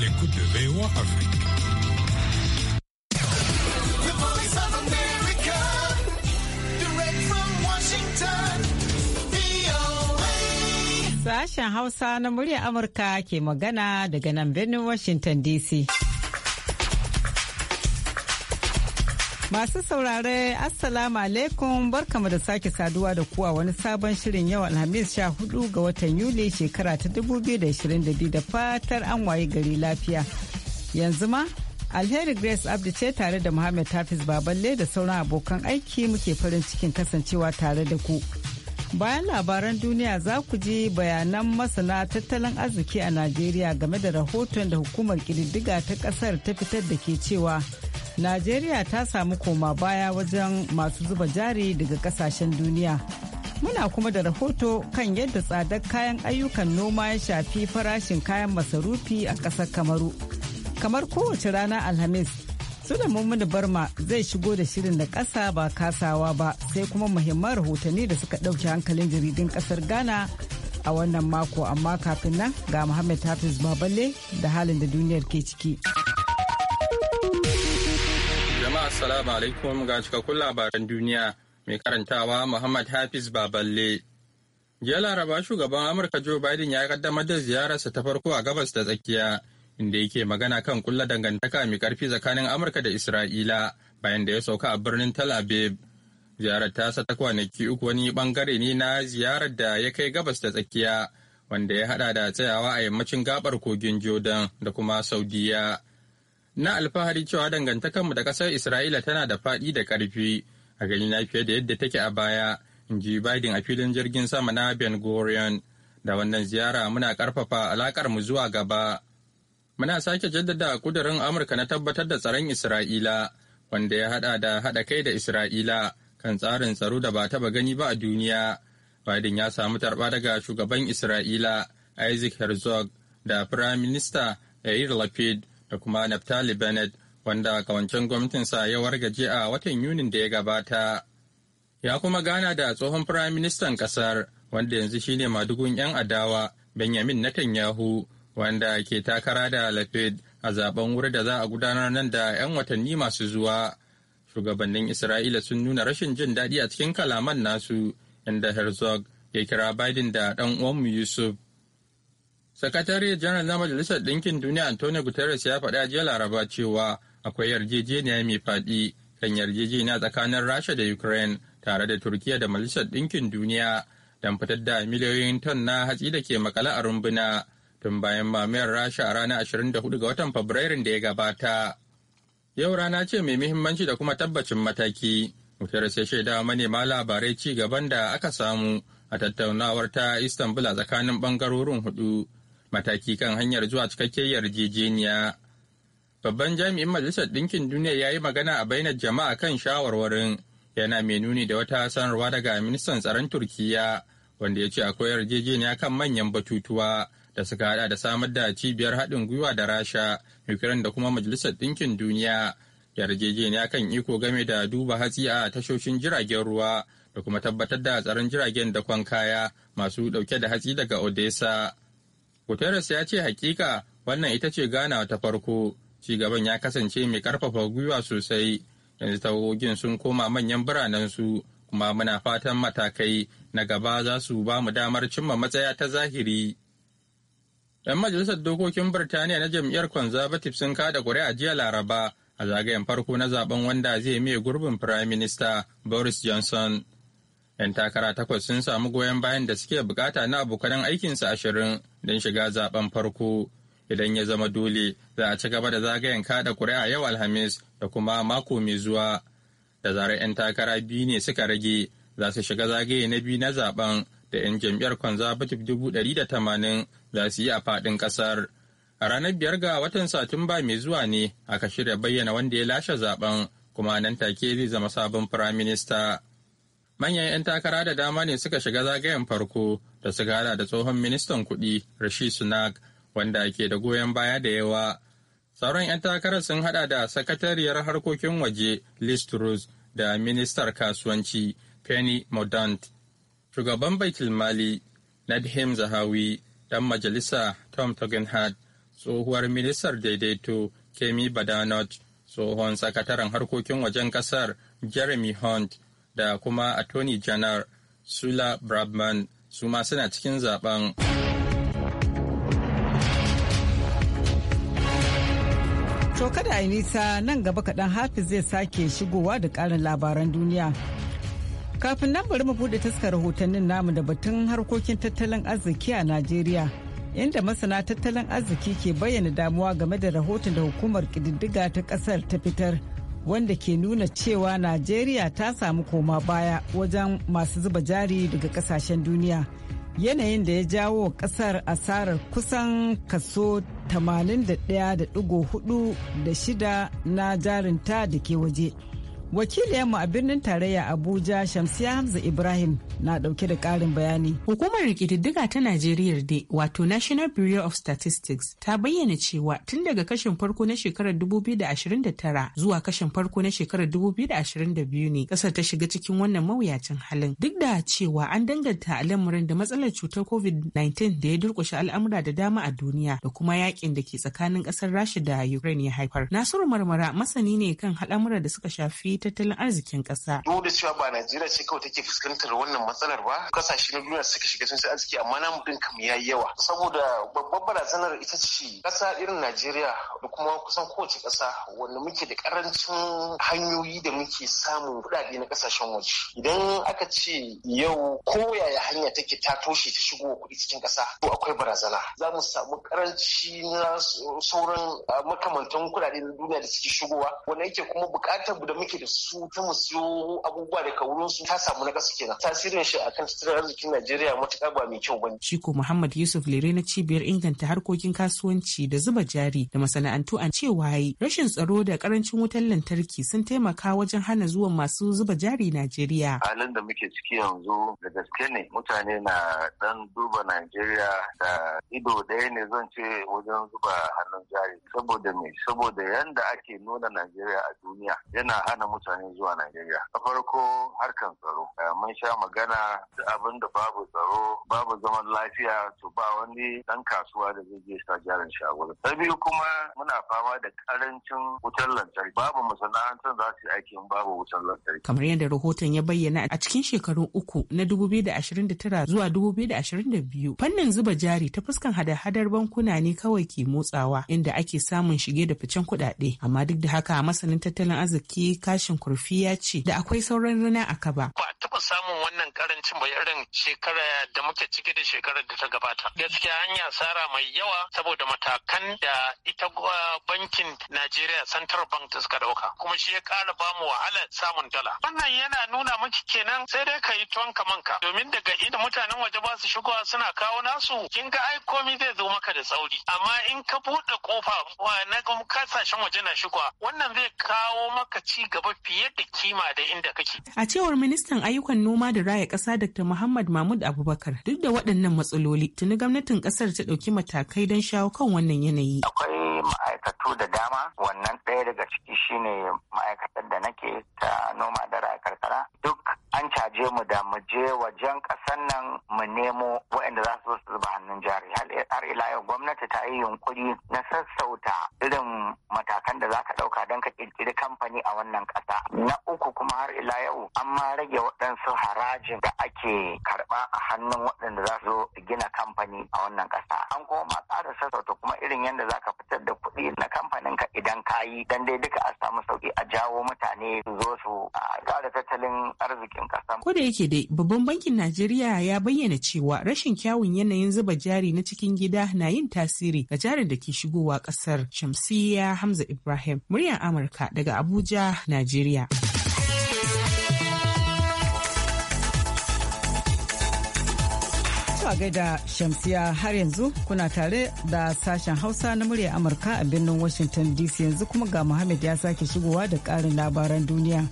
l'écoute de VOA Afrique. Sashen Hausa na murya Amurka ke magana daga nan birnin Washington DC. Masu saurare Assalamu alaikum barkamu da sake saduwa da kuwa wani sabon shirin yau Alhamis sha hudu ga watan Yuli shekara ta 2022 da fatar an waye gari lafiya. Yanzu ma Alheri Grace Abdi ce tare da Muhammad Hafiz Baballe da sauran abokan aiki muke farin cikin kasancewa tare da ku. Bayan labaran duniya za ku ji bayanan masana tattalin arziki a Najeriya game da rahoton da hukumar kididdiga ta kasar ta fitar da ke cewa Najeriya ta samu koma baya wajen masu zuba jari daga kasashen duniya. Muna kuma da rahoto kan yadda tsadar kayan ayyukan noma ya shafi farashin kayan masarufi a ƙasar Kamaru. Kamar kowace rana Alhamis. Sulaiman Mini Barma zai shigo da shirin da ƙasa ba kasawa ba sai kuma muhimman rahotanni da suka ɗauke hankalin jaridun ƙasar Ghana a wannan mako amma kafin nan ga Muhammad Hafiz Baballe da halin da duniyar ke ciki. Jama'a assalamu alaikum ga cikakkun labaran duniya mai karantawa Muhammad Hafiz Baballe. Jiya Laraba shugaban Amurka Joe Biden ya kaddamar da ziyararsa ta farko a gabas da tsakiya inda yake magana kan kulla dangantaka mai karfi tsakanin Amurka da Isra'ila bayan da ya sauka a birnin Tel Aviv. Ziyarar tasa ta kwanaki uku wani bangare ne na ziyarar da ya kai gabas da tsakiya wanda ya hada da tsayawa a yammacin gabar kogin Jordan da kuma Saudiya. Na alfahari cewa dangantakarmu da ƙasar Isra'ila tana da faɗi da ƙarfi a gani fiye da yadda take a baya, in ji Biden a filin jirgin sama na Ben Gurion. Da wannan ziyara muna ƙarfafa alaƙarmu mu zuwa gaba. Muna sake jaddada kudurin Amurka na tabbatar da tsaron Isra'ila, wanda ya haɗa da haɗa kai da Isra'ila kan tsarin tsaro da ba taba gani ba a duniya. Biden ya samu tarba daga shugaban Isra'ila Isaac Herzog da Prime Minister Yair Lapid da kuma Naftali Bennett wanda kawancen gwamnatinsa ya wargaje a watan Yunin da ya gabata. Ya kuma gana da tsohon Prime Ministan kasar wanda yanzu shine madugun 'yan adawa Benjamin Netanyahu wanda ke takara da Lapid a zaben wuri da za a gudanar nan da 'yan watanni masu zuwa. Shugabannin Isra'ila sun nuna rashin jin daɗi a cikin kalaman nasu, inda Herzog ya kira Biden da ɗan uwanmu Yusuf. Sakatare janar na Majalisar Ɗinkin Duniya Antonio Guterres ya faɗa jiya Laraba cewa akwai yarjejeniya mai faɗi kan yarjejeniya tsakanin Rasha da Ukraine tare da Turkiya da Majalisar Ɗinkin Duniya don fitar da miliyoyin ton na hatsi da ke makale a rumbuna. tun bayan mamayar rasha a ranar 24 ga watan fabrairun da ya gabata yau rana ce mai muhimmanci da kuma tabbacin mataki Guterres sai shaida manema labarai ci gaban da aka samu a tattaunawar ta Istanbul a tsakanin bangarorin hudu mataki kan hanyar zuwa cikakken yarjejeniya. Babban jami'in Majalisar Ɗinkin Duniya ya yi magana a bainar jama'a kan shawarwarin yana mai nuni da wata sanarwa daga ministan tsaron Turkiyya wanda ya ce akwai yarjejeniya kan manyan batutuwa da suka hada da samar da cibiyar haɗin gwiwa da rasha ukraine da kuma majalisar ɗinkin duniya yarjejeniya kan iko game da duba hatsi a tashoshin jiragen ruwa da kuma tabbatar da tsaron jiragen da kwan kaya masu ɗauke da hatsi daga odessa guterres ya ce hakika wannan ita ce gana ta farko cigaban ya kasance mai karfafa gwiwa sosai yanzu tawogin sun koma manyan biranensu kuma muna fatan matakai na gaba za su ba mu damar cimma matsaya ta zahiri 'Yan majalisar dokokin Birtaniya na jam'iyyar Conservative sun kada ƙuri'a jiya Laraba a zagayen farko na zaben wanda zai mai gurbin Prime Minister Boris Johnson. 'Yan takara takwas sun samu goyon bayan da suke bukata na abokanan aikinsa ashirin don shiga zaben farko. Idan ya zama dole, za a ci gaba da zagayen kada ƙuri'a yau Alhamis da kuma mako mai zuwa. Da zarar 'yan takara biyu ne suka rage, za su shiga zagaye na biyu na zaben da 'yan jam'iyyar conservative dubu ɗari da tamanin za su yi a faɗin ƙasar. A ranar biyar ga watan Satumba mai zuwa ne aka shirya bayyana wanda ya lashe zaben kuma nan take zai zama sabon firaminista. Manyan 'yan takara da dama ne suka shiga zagayen farko da suka hada da tsohon ministan kuɗi Rishi Sunak wanda ke da goyon baya da yawa. Sauran 'yan takarar sun hada da sakatariyar harkokin waje Liz da ministar kasuwanci Penny Mordaunt. shugaban baitul mali nadhim zahawi dan majalisa tom tugendhat tsohuwar ministar daidaito kemi badanot tsohon sakataren harkokin wajen kasar jeremy hunt da kuma attorney general sula brabman su ma suna cikin zaben To kada a nisa nan gaba kaɗan hafiz zai sake shigowa da ƙarin labaran duniya. Kafin nan bari mu buɗe taska rahotannin namu da batun harkokin tattalin arziki a Najeriya. Inda masana tattalin arziki ke bayyana damuwa game da rahoton da hukumar kididdiga ta kasar ta fitar wanda ke nuna cewa Najeriya ta samu koma baya wajen masu zuba jari daga kasashen duniya. Yanayin da ya jawo kasar asarar kusan kaso 81.4 da shida na jarinta da ke waje. wakiliyarmu a birnin tarayya abuja shamsiya hamza ibrahim na dauke da karin bayani. Hukumar rikididdiga ta Najeriya da wato National Bureau of Statistics ta bayyana cewa tun daga kashin farko na shekarar 2029 zuwa kashin farko na shekarar 2022 ne kasar ta shiga cikin wannan mawuyacin halin. Duk da cewa an danganta al'amarin da matsalar cutar COVID-19 da ya durkushe al'amura da dama a duniya da kuma yakin da ke tsakanin kasar Rasha da Ukraine ya haifar. Nasiru Marmara masani ne kan al'amura da suka shafi tattalin arzikin kasa. Duk da cewa ba Najeriya ce kawai take fuskantar wannan matsalar ba kasashe na duniya suka shiga sun sai arziki amma mu din kam yi yawa saboda babbar barazanar ita ce kasa irin Najeriya da kuma kusan kowace kasa wanda muke da karancin hanyoyi da muke samun kuɗaɗe na kasashen waje idan aka ce yau koyaya hanya take ta toshe ta shigo kuɗi cikin kasa to akwai barazana za mu samu karanci na sauran makamantan kuɗaɗe na duniya da suke shigowa wanda yake kuma bukatar da muke da su ta mu abubuwa daga wurin su ta samu na kasa kenan tasirin tasirin shi akan tattalin arzikin Najeriya matuƙa ba mai kyau bane. Shi Muhammad Yusuf Lere na cibiyar inganta harkokin kasuwanci da zuba jari da masana'antu an cewa waye rashin tsaro da karancin wutar lantarki sun taimaka wajen hana zuwan masu zuba jari Najeriya. Halin da muke ciki yanzu da gaske ne mutane na dan duba Najeriya da ido ɗaya ne zan ce wajen zuba hannun jari saboda me saboda yanda ake nuna Najeriya a duniya yana hana mutane zuwa Najeriya. A farko harkan tsaro eh, mun sha magana magana da abin da babu tsaro babu zaman lafiya to ba wani dan kasuwa da zai je sa gyaran shagulu Na biyu kuma muna fama da karancin wutar lantarki babu masana'antar za su yi aikin babu wutar lantarki. Kamar yadda rahoton ya bayyana a cikin shekaru uku na 2029 zuwa 2022 fannin zuba jari ta fuskan hada-hadar bankuna ne kawai ke motsawa inda ake samun shige da ficen kuɗaɗe amma duk da haka masanin tattalin arziki kashin kurfi ya ce da akwai sauran rana a kaba. Ba taɓa samun wannan karancin ba irin shekara da muke ciki da shekarar da ta gabata gaskiya an yi mai yawa saboda matakan da ita bankin najeriya central bank ta suka dauka kuma shi ya kara ba mu wahala samun dala wannan yana nuna miki kenan sai dai ka yi tuwon kamanka domin daga inda mutanen waje ba su shigowa suna kawo nasu kin ga ai komai zai zo maka da sauri? amma in ka buɗe kofa na kasashen waje na shigowa wannan zai kawo maka ci gaba fiye da kima da inda kake a cewar ministan ayyukan noma da raya raya ƙasa Dr. Muhammad Mahmud Abubakar. Duk da waɗannan matsaloli, tuni gwamnatin ƙasar ta ɗauki matakai don shawo kan wannan yanayi. Akwai ma'aikatu da dama wannan ɗaya daga ciki shine ma'aikatar da nake ta noma da raya karkara duk an caje mu da mu je wajen ƙasar nan mu nemo waɗanda za su zuba hannun jari har ila yau gwamnati ta yi yunkuri na sassauta irin matakan da za ka ɗauka don ka ƙirƙiri kamfani a wannan ƙasa na uku kuma har ila yau an ma rage waɗansu harajin da ake karɓa a hannun waɗanda za su gina kamfani a wannan ƙasa an koma ma ƙara sassauta kuma irin yadda za ka fitar da da kuɗi na kamfanin ka idan ka yi dan dai duka a samu sauki a jawo mutane su zo su ƙara tattalin arzikin ƙasa. Ko da yake dai babban bankin Najeriya ya bayyana cewa rashin kyawun yanayin zuba jari na cikin gida na yin tasiri ga jarin da ke shigowa ƙasar. Shamsiyya Hamza Ibrahim, muryar Amurka daga Abuja, Najeriya. a gaida Shamsiya har yanzu kuna tare da sashen Hausa na murya Amurka a birnin Washington DC yanzu kuma ga Muhammad ya sake shigowa da karin labaran duniya.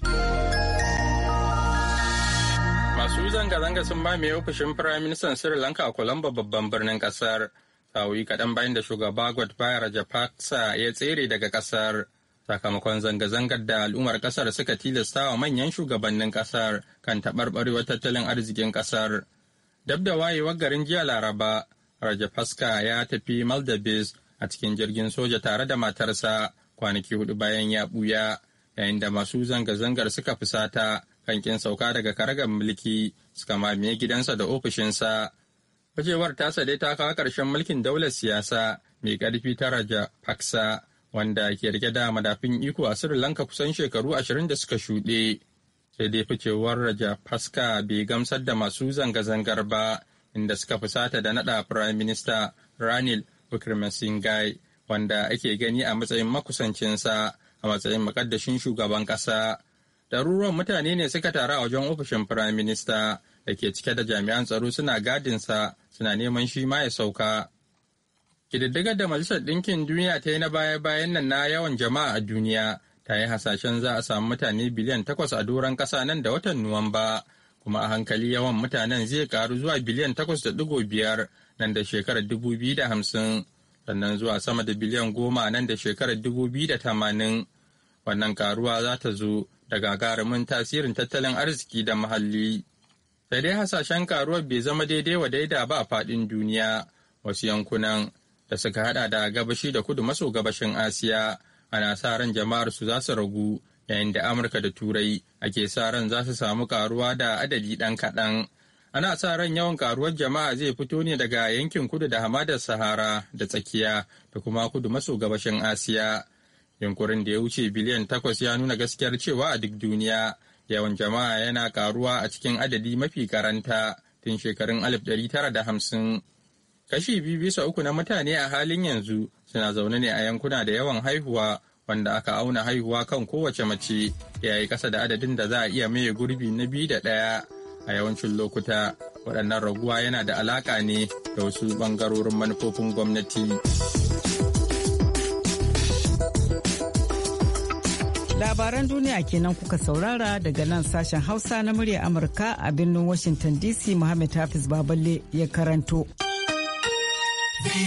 Masu zanga-zanga sun mamaye ofishin Firayim Ministan Sri Lanka a Colombo babban birnin ƙasar. Sa'o'i kaɗan bayan da shugaba Gotabaya Rajapaksa ya tsere daga kasar Sakamakon zanga-zangar da al'ummar kasar suka tilasta wa manyan shugabannin kasar kan taɓarɓarewar tattalin arzikin kasar. Dab da wayewar garin jiya Laraba, Rajafaska ya tafi Maldives a cikin jirgin soja tare da matarsa kwanaki hudu bayan ya buya yayin da masu zanga-zangar suka fusata kankin sauka daga karagar mulki suka mamaye gidansa da ofishinsa. Fashewar ta sade ta kawo ƙarshen mulkin daular siyasa mai karfi ta Raja Paksa wanda ke rike da madafin iko a Sri Lanka kusan shekaru ashirin da suka shuɗe. sai dai ficewar raja faska bai gamsar da masu zanga-zangar ba inda suka fusata da nada prime minister ranil wickremesinghe wanda ake gani a matsayin makusancinsa a matsayin makaddashin shugaban ƙasa. Ɗaruruwan mutane ne suka taru a wajen ofishin prime Minista da ke cike da jami'an tsaro suna gadinsa suna neman shi ma ya sauka. Ƙididdigar da Majalisar Ɗinkin Duniya ta yi na baya-bayan nan na yawan jama'a a duniya ta yi hasashen za a samu mutane biliyan takwas a doron ƙasa nan da watan Nuwamba, kuma a hankali yawan mutanen zai karu zuwa biliyan takwas da ɗigo biyar nan da shekarar dubu biyu da hamsin, sannan zuwa sama da biliyan goma nan da shekarar dubu biyu da tamanin. Wannan karuwa za ta zo daga gagarumin tasirin tattalin arziki da muhalli. Sai dai hasashen karuwar bai zama daidai wa daida ba a faɗin duniya, wasu yankunan da suka hada da gabashi da kudu maso gabashin Asiya. ana sa ran jama'ar su za su ragu yayin da amurka da turai ake sa ran za su samu karuwa da adadi ɗan kaɗan ana sa ran yawan karuwar jama'a zai fito ne daga yankin kudu da hamadar sahara da tsakiya da kuma kudu maso gabashin asiya yunkurin da ya wuce biliyan takwas ya nuna gaskiyar cewa a duk duniya yawan jama'a yana karuwa a cikin adadi mafi karanta tun shekarun alif tara da hamsin. Kashi biyu bisa uku na mutane a halin yanzu suna zaune ne a yankuna da yawan haihuwa wanda aka auna haihuwa kan kowace mace ya yi kasa da adadin da za a iya maye gurbi na biyu da ɗaya a yawancin lokuta waɗannan raguwa yana da alaƙa ne da wasu ɓangarorin manufofin gwamnati. Labaran duniya kenan kuka saurara daga nan sashen Hausa na murya Amurka a birnin Washington DC Muhammad Hafiz Baballe ya karanto. Bari mu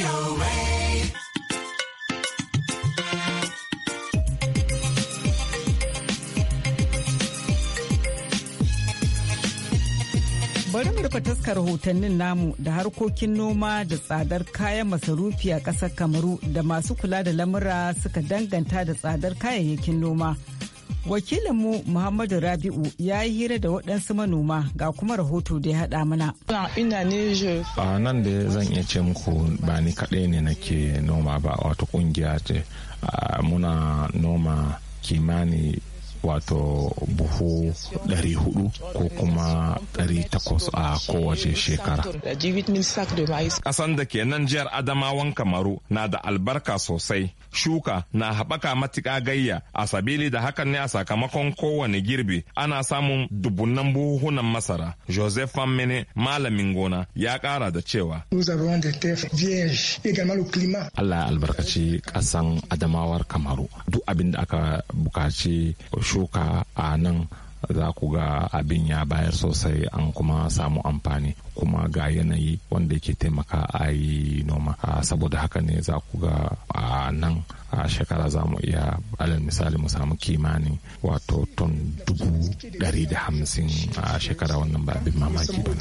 rufe taskar rahotannin namu da harkokin noma da tsadar kayan masarufi a ƙasar Kamaru da masu kula da lamura suka danganta da tsadar kayayyakin noma. wakilinmu muhammadu rabi'u ya yi hira da waɗansu manoma ga kuma rahoto da ya haɗa mana a nan da zan iya ce muku ba ni kaɗai ne nake noma ba wata ƙungiya ce muna noma kimani wato buhu 400 ko kuma 800 a kowace shekara. Kasan da ke nan jihar Adamawan Kamaru na da albarka sosai. Shuka na haɓaka matuƙa gayya a sabili da hakan ne a sakamakon kowane girbi ana samun dubunan buhunan masara. Joseph Famine malamin gona ya ƙara da cewa. Allah ya albarkaci ƙasan Adamawar Kamaru. Duk abin da aka bukaci shuka a nan za ku ga abin ya bayar sosai an kuma samu amfani kuma ga yanayi wanda ke taimaka a yi noma saboda haka ne za ku ga a nan a shekara za mu iya alal misali mu samu kimanin wato ton dubu dari da hamsin a shekara wannan ba abin mamaki ba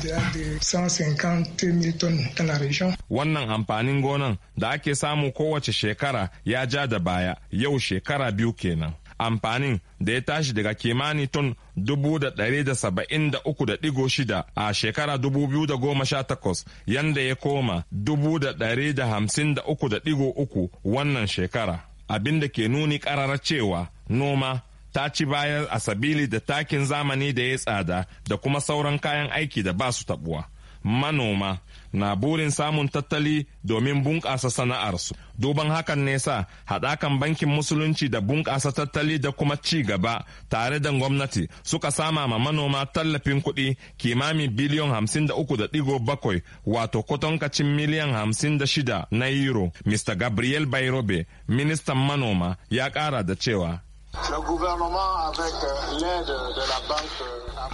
wannan amfanin gonan da ake samu kowace shekara ya ja da baya yau shekara biyu kenan amfanin da ya tashi daga kimanin ton 173.6 a shekara 2018 yanda ya koma 153.3 wannan shekara abin da ke nuni karara cewa noma ta ci bayan a sabili da takin zamani da ya tsada da kuma sauran kayan aiki da ba su tabuwa. manoma na burin samun tattali domin bunƙasa sana'arsu. Duban hakan nesa haɗakan bankin musulunci da bunƙasa tattali da kuma ci gaba tare da gwamnati suka sama ma manoma tallafin kuɗi kimami biliyon hamsin da uku da ɗigo bakwai wato kwatankacin miliyan hamsin da shida na euro. Mr. Gabriel Bairobe, ministan manoma, ya ƙara da cewa Euh, euh,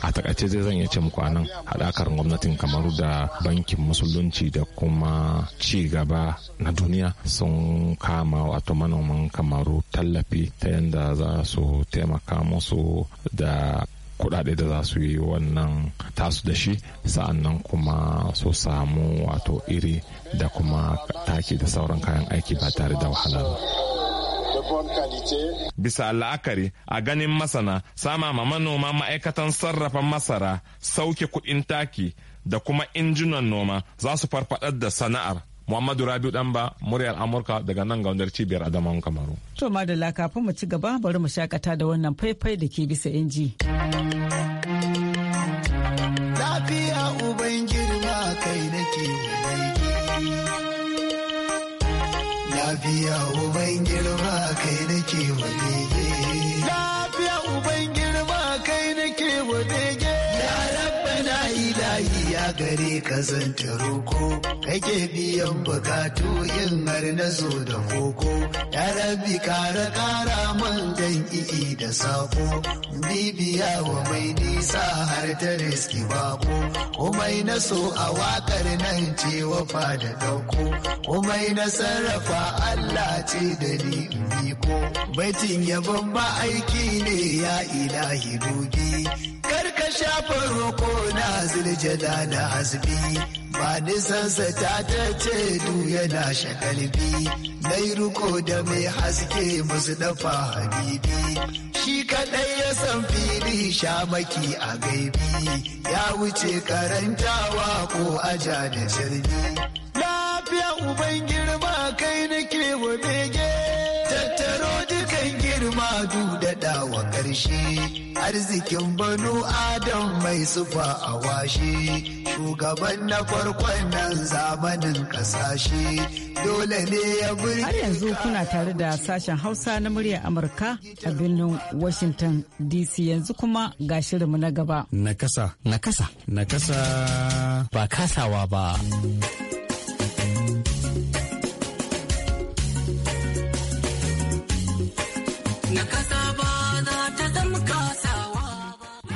a takaice zai zan iya ce muku anan haɗakar gwamnatin kamaru da bankin musulunci da kuma ci gaba na duniya sun kama wato manoman kamaru tallafi ta yadda za su taimaka musu da kudade da za su yi wannan tasu da shi sa'annan kuma su samu wato iri da kuma taki da sauran kayan aiki ba tare da wahala ba. Bisa la'akari a ganin masana sama ma manoma ma'aikatan sarrafa masara sauke kuɗin taki da kuma injunan noma za su farfaɗar da sana'ar. Muhammadu Rabiu Danba muryar Amurka daga nan ga wandar cibiyar Adamawan Kamaru. To Madalla kafin mu ci gaba bari mu shakata da wannan faifai da ke bisa inji. Lafiya uban girma kai nake Lafiya uban girma kazanta roko kake biyan bukatu yin har na zo da koko ya rabi kara kara man dan i'i da sako bibiya wa mai nisa har ta riski bako komai na so a wakar nan ce wafa da dauko komai na sarrafa Allah ce da ni biko baitin yabon ba aiki ne ya ilahi dogi shafa roko na ziljada da hasbi ba sa ta ta ce du yana shakalbi mai ruko da mai haske musu dafa habibi shi kaɗai ya san fili shamaki a gaibi ya wuce karantawa ko aja da jirgi lafiya uban girma kai nake wa mai shi arzikin banu adam mai sufa a washe shugaban na farkon nan zamanin kasashe dole ne ya burge har yanzu kuna tare da sashen hausa na muryar amurka a birnin washington dc yanzu kuma ga shirinmu na gaba nakasa nakasa nakasa ba kasawa ba kasa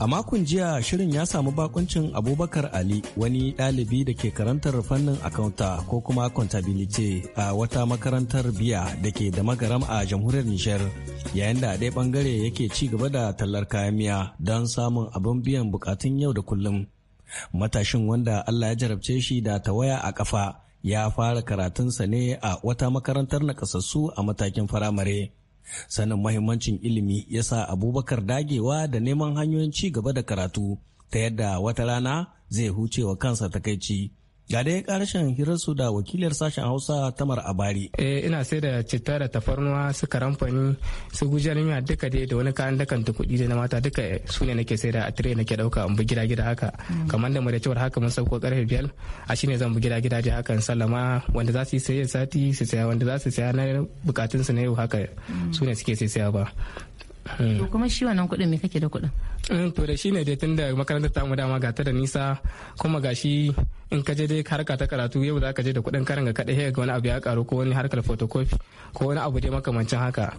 A makon jiya shirin ya samu bakuncin Abubakar Ali wani ɗalibi da ke karantar fannin akaunta ko kuma contabilite a wata makarantar biya da ke da magaram a jamhuriyar Nijar yayin da a ɗaya ɓangare yake ci gaba da tallar kayan miya don samun abin biyan bukatun yau da kullum. Matashin wanda Allah ya jarabce shi da tawaya a kafa ya fara karatunsa ne a wata makarantar nakasassu a matakin firamare. Sanin mahimmancin ilimi ya sa Abubakar dagewa da neman hanyoyin ci gaba da karatu ta yadda wata rana zai huce wa kansa takaici Ga dai karshen hirarsu da wakilar sashen Hausa Tamar Abari. Eh ina sai da citta da tafarnuwa su karamfani su gujiyar miya duka dai da wani kayan dakan ta kuɗi da na mata duka eh, su ne nake sai da a tire nake ɗauka in bi gida gida haka. Mm. Kamar da mu da cewar haka mun sauko karfe biyar a shine zan bi gida gida dai haka in sallama wanda za su yi saye sati su saya wanda za su saya na bukatunsu na yau haka mm. su ne suke sai saya ba. Hmm. To kuma shi wannan kuɗin me kake da kuɗin? Hmm, to da shi ne dai tun da makarantar mu dama ga ta da nisa kuma ga shi in ka je dai harka ta karatu yau za ka je da kuɗin karin ga kaɗai ga wani abu ya karu ko wani harkar photocopy ko wani abu dai makamancin haka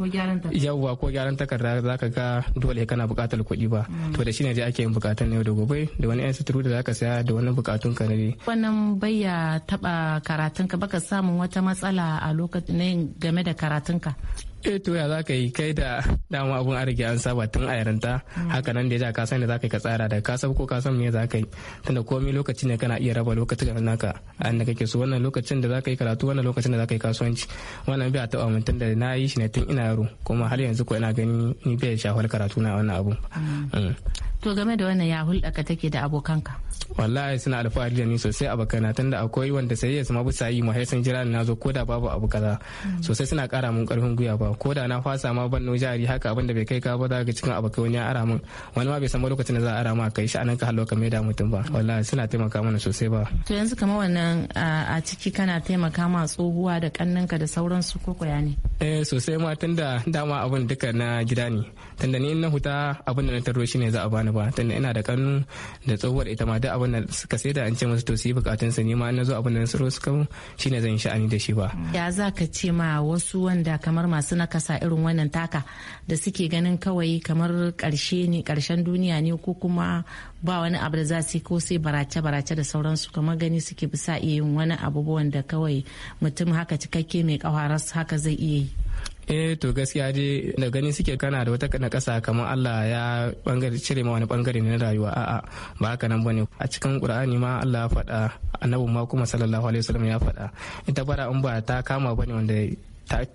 yawwa ko gyaran takarda za ka ga dole kana buƙatar kuɗi ba mm. to da shi ne ake yin buƙatun yau da gobe da wani yan suturu da za ka saya da wani buƙatun ka ne. wannan bayya taɓa karatunka baka samun wata matsala a lokacin game da karatunka. e to ya za ka yi kai da dama abun a rige an saba tun a yaranta haka nan da ya ka san da za ka yi ka tsara da ka san ko ka san me za ka yi tunda komai lokaci ne kana iya raba lokacin naka a inda kake so wannan lokacin da za ka yi karatu wannan lokacin da za ka yi kasuwanci wannan bai a taɓa mutum da na yi shi ne tun ina yaro kuma har yanzu ko ina gani ni bai shafar karatu na wannan abu. Mm. to game da wannan ya hulɗa ka take da abokanka. wallahi suna alfahari da ni sosai abokana tunda akwai wanda sai ya zama bisa yi mahai haisan jira na zo koda babu abu kaza mm. sosai suna kara mun karfin gwiwa ba koda na fasa ma ban no jari haka abin da bai kai ka ba za ga cikin abokai wani ya ara mun wani ma bai san lokacin da za a ara ma kai sha'anin ka hallo ka mai da mutum ba wallahi suna taimaka mana sosai ba to yanzu kamar wannan nan a ciki kana taimaka ma tsohuwa da kannanka da sauransu ko koya ne eh sosai ma tun da dama abin duka na gida ne tunda ni na huta abin da na taro ne za a bani ba tunda ina da kannu da tsohuwar ita ma duk abin da suka sai da an ce musu to su yi bukatun su ni ma na zo abin da na suro suka ne zan sha'ani da shi ba ya za ka ce ma wasu wanda kamar masu nakasa irin wannan taka da suke ganin kawai kamar karshe ne karshen duniya ne ko kuma ba wani abu da za su yi ko sai barace-barace da sauransu kamar gani suke bisa iya yin wani abubuwan da kawai mutum haka cikakke mai kawaras haka zai iya yi eh to gaskiya dai da gani suke kana da wata kasa kamar Allah ya bangare cire ma wani bangare ne na rayuwa a'a ba haka nan bane a cikin Qur'ani ma Allah ya faɗa annabi ma kuma sallallahu alaihi wasallam ya faɗa ita bara in ba ta kama bane wanda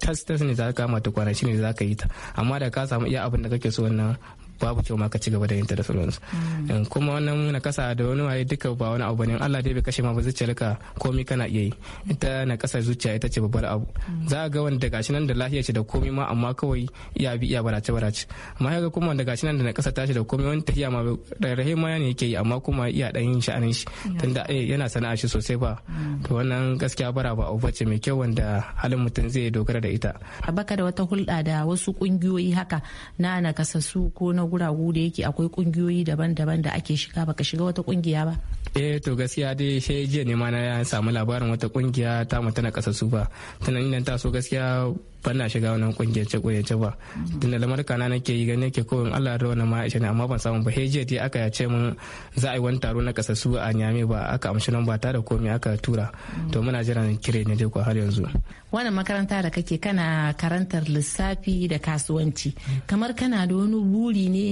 tas tas ne za ka kama ta kwana shine za ka yi ta amma da ka samu iya abin da kake so wannan babu kyau ma ka ci gaba da yin ta da sauransu hmm. eh, kuma wannan na kasa da wani waye duka ba wani abu ne Allah dai bai kashe ma ba ka komai kana iya yi ita na kasa zuciya ita ce babbar abu hmm. za a ga wanda gashi nan da lafiya ce da komai ma amma kawai iya bi iya barace barace amma ga kuma wanda gashi nan da na kasa tashi da komai wani tafiya ma rarrahe ma ne yake yi amma kuma iya dan yin sha'anin shi tunda eh, yana sana'a shi sosai ba hmm. to wannan gaskiya bara ba abu bace mai kyau wanda halin mutum zai dogara da ita baka da wata hulɗa da wasu kungiyoyi haka na su ko na guragu da yake akwai kungiyoyi daban-daban da ake shiga baka shiga wata kungiya ba eh to gaskiya dai sai jiya ne ma na samu labarin wata kungiya ta mutana kasasu ba tunanin nan ta so gaskiya ban na shiga wannan kungiyace kungiyace ba tunda lamarka na nake yi gani ko in Allah rawana ma ma'aikata ne amma ban samu ba hejiya dai aka yace mun za a yi wani taro na kasasu a Nyame ba aka amshi nan ba ta da komai aka tura to muna jira ne kire ne dai ko har yanzu wannan makaranta da kake kana karantar lissafi da kasuwanci kamar kana da wani buri ne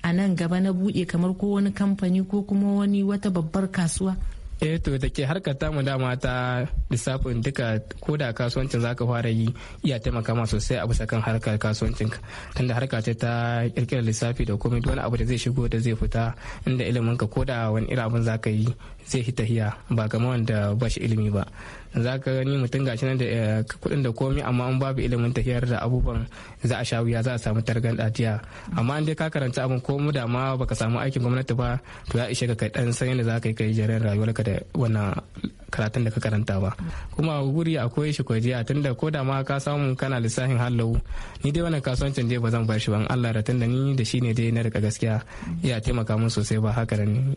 a nan gaba na buɗe kamar ko wani kamfani ko kuma wani wata babbar kasuwa eh to da ke harkar tamu dama ta lissafin duka ko da kasuwancin zaka fara yi iya taimaka ma sosai a bisa kan harkar kasuwancin tunda harka ce ta kirkirar lissafi da komai wani abu da zai shigo da zai fita inda ilimin ka ko da wani irin zaka yi zai hita hiya ba kamar wanda ba shi ilimi ba za ka gani mutum gashi nan da eh, kuɗin da komi amma an babu ilimin tafiyar da abubuwan za a sha wuya za a samu targan dajiya amma an dai ka karanta abin ko mu da ma baka samu aikin gwamnati ba to ya ishe ka kai ɗan san yadda za ka yi kai rayuwar ka da wannan karatun da ka karanta ba kuma a guri akwai shi a tunda ko da ma ka samu kana lissafin hallau ni dai wannan kasuwancin dai ba zan bar shi ban Allah da tunda ni da shi dai na rika gaskiya ya taimaka min sosai ba haka ne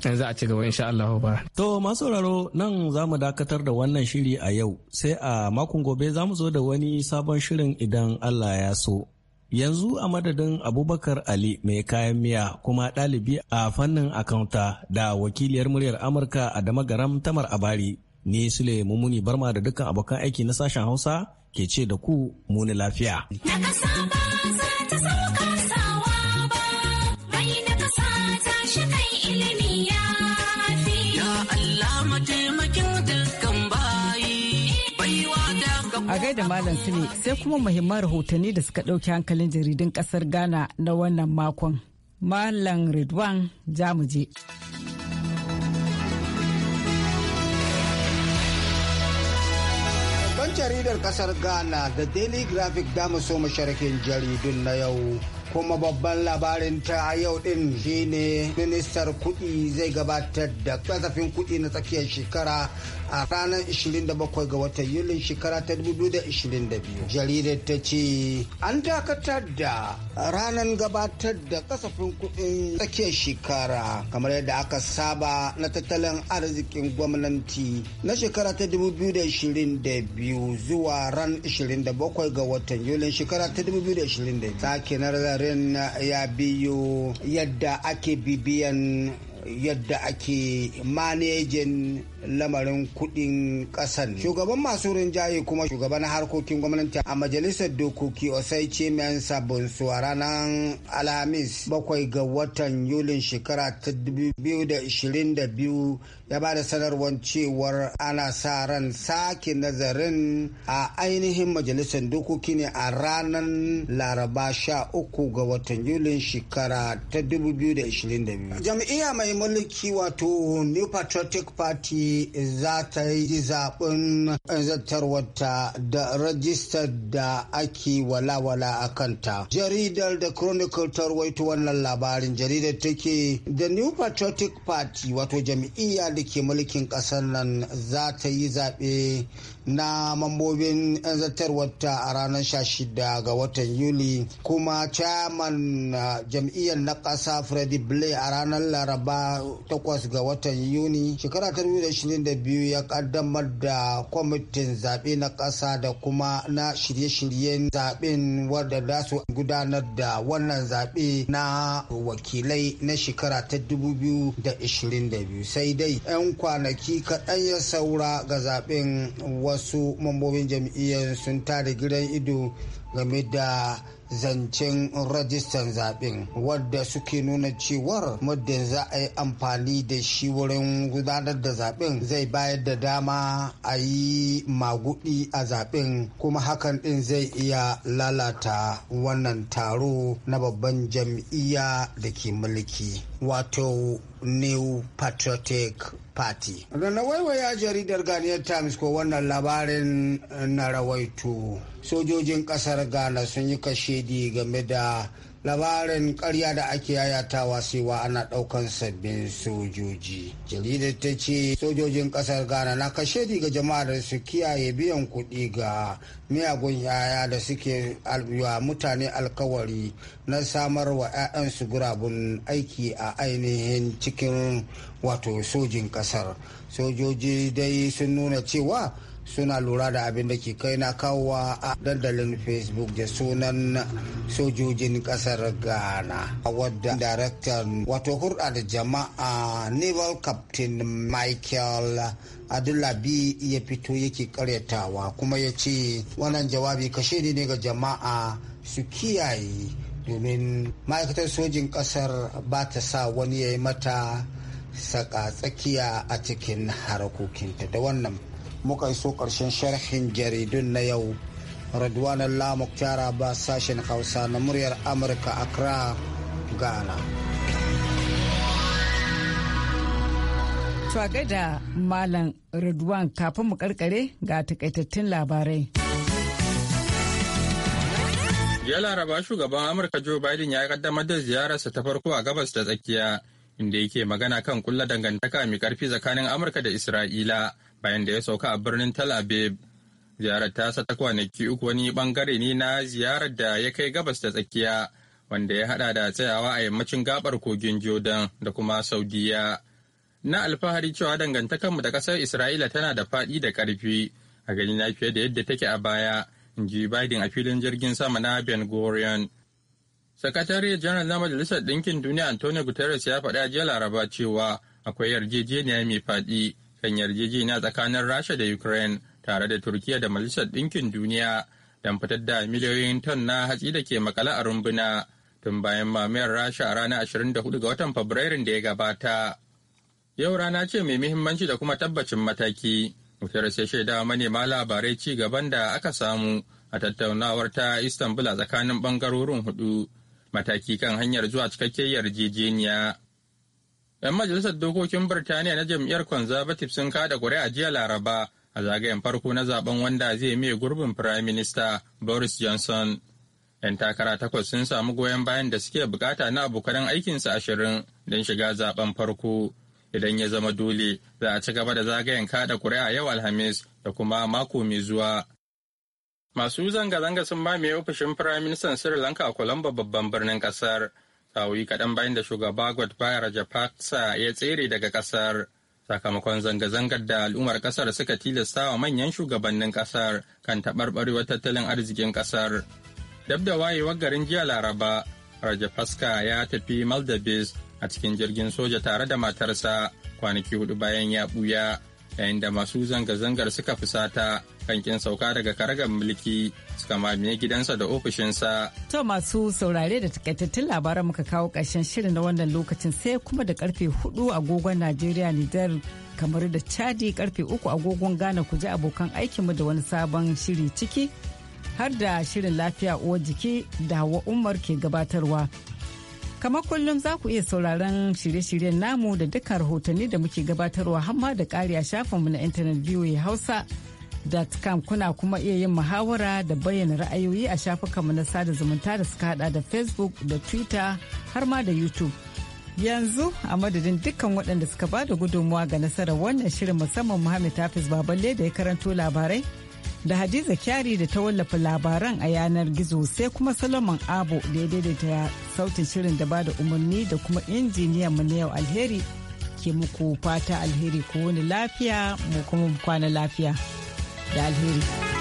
yanzu a ci gaba insha Allah ba to masu sauraro nan za mu dakatar da wannan shiri a yau sai a makon gobe za mu zo da wani sabon shirin idan Allah ya so Yanzu a madadin Abubakar Ali mai kayan miya kuma ɗalibi a fannin akaunta da wakiliyar muryar Amurka a garam Tamar Abari. Ni Sule Mumuni Barma da dukkan abokan aiki na sashen Hausa ke ce da ku muni lafiya. da Malam Sule sai kuma muhimman rahotanni da suka ɗauki hankalin jaridun ƙasar Ghana na wannan makon. Malam Redwan Jamuje. Ban jaridar ƙasar Ghana da Daily Graphic damu so masharakin jaridun na yau. kuma babban labarin ta yau din shine ministar kudi zai gabatar da kasafin kudi na tsakiyar shekara a ranar 27 ga watan Yulin shekara ta 2022. Jaridar ta ce an dakatar da ranar gabatar da kasafin kuɗin tsakiyar shekara kamar yadda aka saba na tattalin arzikin gwamnati na shekara ta 2022 zuwa ran 27 ga watan Yulin shekara ta 2022. Sake zarin ya biyo yadda ake bibiyan yadda ake manejin lamarin kudin ƙasar shugaban masu rinjaye kuma shugaban harkokin gwamnati a majalisar dokoki osai cemen sabon su ranar alhamis bakwai ga watan yulin shekara ta 2022 ya ba da sanarwar cewar ana sa ran sake nazarin a ainihin majalisar dokoki ne a ranar laraba sha uku ga watan yulin shekara ta 2022 jam'iyya mai mulki wato new patriotic party za ta yi zaɓen zartarwata da rajistar da ake walawala a kanta jaridar da chronicle ta ruwaito wannan labarin jaridar take the new patriotic party wato jam'iyya da ke mulkin ƙasar nan za ta yi zaɓe na mambobin 'yan zartarwar ta a ranar 16 ga watan Yuli kuma chairman uh, jam'iyyar na ƙasa Freddy Blay a ranar Laraba 8 ga watan Yuni shekara 2022 ya kaddamar da kwamitin zaɓe na ƙasa da kuma na shirye-shiryen zaɓen wadda za su gudanar da wannan zaɓe na wakilai na shekara ta 2022 sai dai 'yan kwanaki kaɗan ya saura ga zaɓen wasu wasu mambobin jam'iyyar sun tare gidan ido game da zancen rajistan zaɓen wadda suke nuna cewar muddin za a yi amfani da shi wurin gudanar da zaɓen zai bayar da dama a yi magudi a zaɓen kuma hakan ɗin zai iya lalata wannan taro na babban jam'iyya da ke mulki wato new patriotic party da na waiwaya jaridar ghanaian times ko wannan labarin eh, na rawaito sojojin kasar ghana sun yi kashedi game da labarin karya da ake yayatawa cewa ana ɗaukan sabbin sojoji jaridar ta ce sojojin ƙasar ghana na kashe ga jama'ar su kiyaye biyan kuɗi ga miyagun yaya da suke wa mutane alkawari na samar wa 'ya'yansu gurabun aiki a ainihin cikin wato sojin ƙasar sojoji dai sun nuna cewa suna lura da abin da ke kai na kawowa a dandalin facebook da sunan sojojin kasar ghana a wadda daraktan wato hurɗa da jama'a naval captain michael Adulabi ya fito yake karyatawa kuma ya ce wannan jawabi kashe ne ga jama'a su kiyaye domin ma'aikatar sojin kasar ba ta sa wani ya yi mata saka tsakiya a cikin harkokinta da wannan muka so karshen sharhin jaridun na yau radwan Lamok tara ba sashen hausa na muryar amurka accra ghana ga da Malam Radwan kafin mu karkare ga takaitattun labarai. Ya laraba shugaban Amurka Joe Biden ya kaddamar da ziyararsa ta farko a gabas da tsakiya inda yake magana kan kulla dangantaka mai karfi tsakanin Amurka da Isra'ila bayan da ya sauka a birnin Tel Aviv. Ziyarar tasa ta kwanaki uku wani bangare ne na ziyarar da ya kai gabas ta tsakiya wanda ya hada da tsayawa a yammacin gabar kogin Jordan da kuma Saudiya. Na alfahari cewa dangantakarmu da ƙasar Isra'ila tana da faɗi da karfi a gani na fiye da yadda take a baya, in ji Biden a filin jirgin sama na Ben Gurion. Sakatare janar na Majalisar Ɗinkin Duniya Antonio Guterres ya faɗa jiya Laraba cewa akwai yarjejeniya mai faɗi kan yarjejeniya tsakanin Rasha da Ukraine tare da Turkiya da Majalisar Ɗinkin Duniya don fitar da miliyoyin ton na hatsi da ke makale a rumbuna tun bayan mamayar Rasha a ranar 24 ga watan Fabrairun da ya gabata. Yau rana ce mai muhimmanci da kuma tabbacin mataki. wutar sai shaida manema labarai ci gaban da aka samu a tattaunawar ta Istanbul a tsakanin bangarorin hudu. Mataki kan hanyar zuwa cikakkiyar yarjejeniya. 'Yan majalisar dokokin Birtaniya na jam'iyyar Conservative sun kada kuri'a jiya Laraba a zagayen farko na zaben wanda zai mai gurbin Prime Minister Boris Johnson. 'Yan takara takwas sun samu goyon bayan da suke bukata na abokan aikinsa ashirin don shiga zaben farko. Idan ya zama dole, za a ci gaba da zagayen kada kuri'a yau Alhamis da kuma mako mai zuwa. Masu zanga-zanga sun mamaye ofishin Firaministan Sri Lanka a Colombo babban birnin kasar. sa'o'i kaɗan bayan da shugaba baya Rajapaksa ya tsere daga ƙasar sakamakon zanga-zangar da al'ummar ƙasar suka tilasta wa manyan shugabannin ƙasar kan taɓarɓarewar tattalin arzikin ƙasar. Dab da wayewar garin jiya Laraba, Rajapaksa ya tafi Maldives a cikin jirgin soja tare da matarsa kwanaki hudu bayan ya buya yayin da masu zanga-zangar suka fusata kan sauka daga karagar mulki kama me gidansa da ofishinsa. To masu saurare da takaitattun labaran muka kawo ƙarshen shirin na wannan lokacin sai kuma da karfe hudu agogon Najeriya Nijar kamar da Chadi karfe uku agogon Ghana ku ji abokan aikinmu da wani sabon shiri ciki har da shirin lafiya uwar jiki da Hawa Umar ke gabatarwa. kamar kullum za ku iya sauraron shirye-shiryen namu da dukkan rahotanni da muke gabatarwa hamma da ƙari a shafinmu na intanet voa hausa facebook.com kuna kuma iya yin muhawara da bayyana ra'ayoyi a shafukanmu na sada zumunta da suka hada da facebook da twitter har ma da youtube yanzu a madadin dukkan waɗanda suka ba da gudunmuwa ga nasarar wannan shirin musamman muhammad hafiz baballe da ya karanto labarai da hadiza kyari da ta wallafa labaran a yanar gizo sai kuma solomon Abu da ya daidaita sautin shirin da ba da umarni da kuma injiniyan mu na yau alheri ke muku fata alheri ko wani lafiya mu kuma kwana lafiya. da alheri.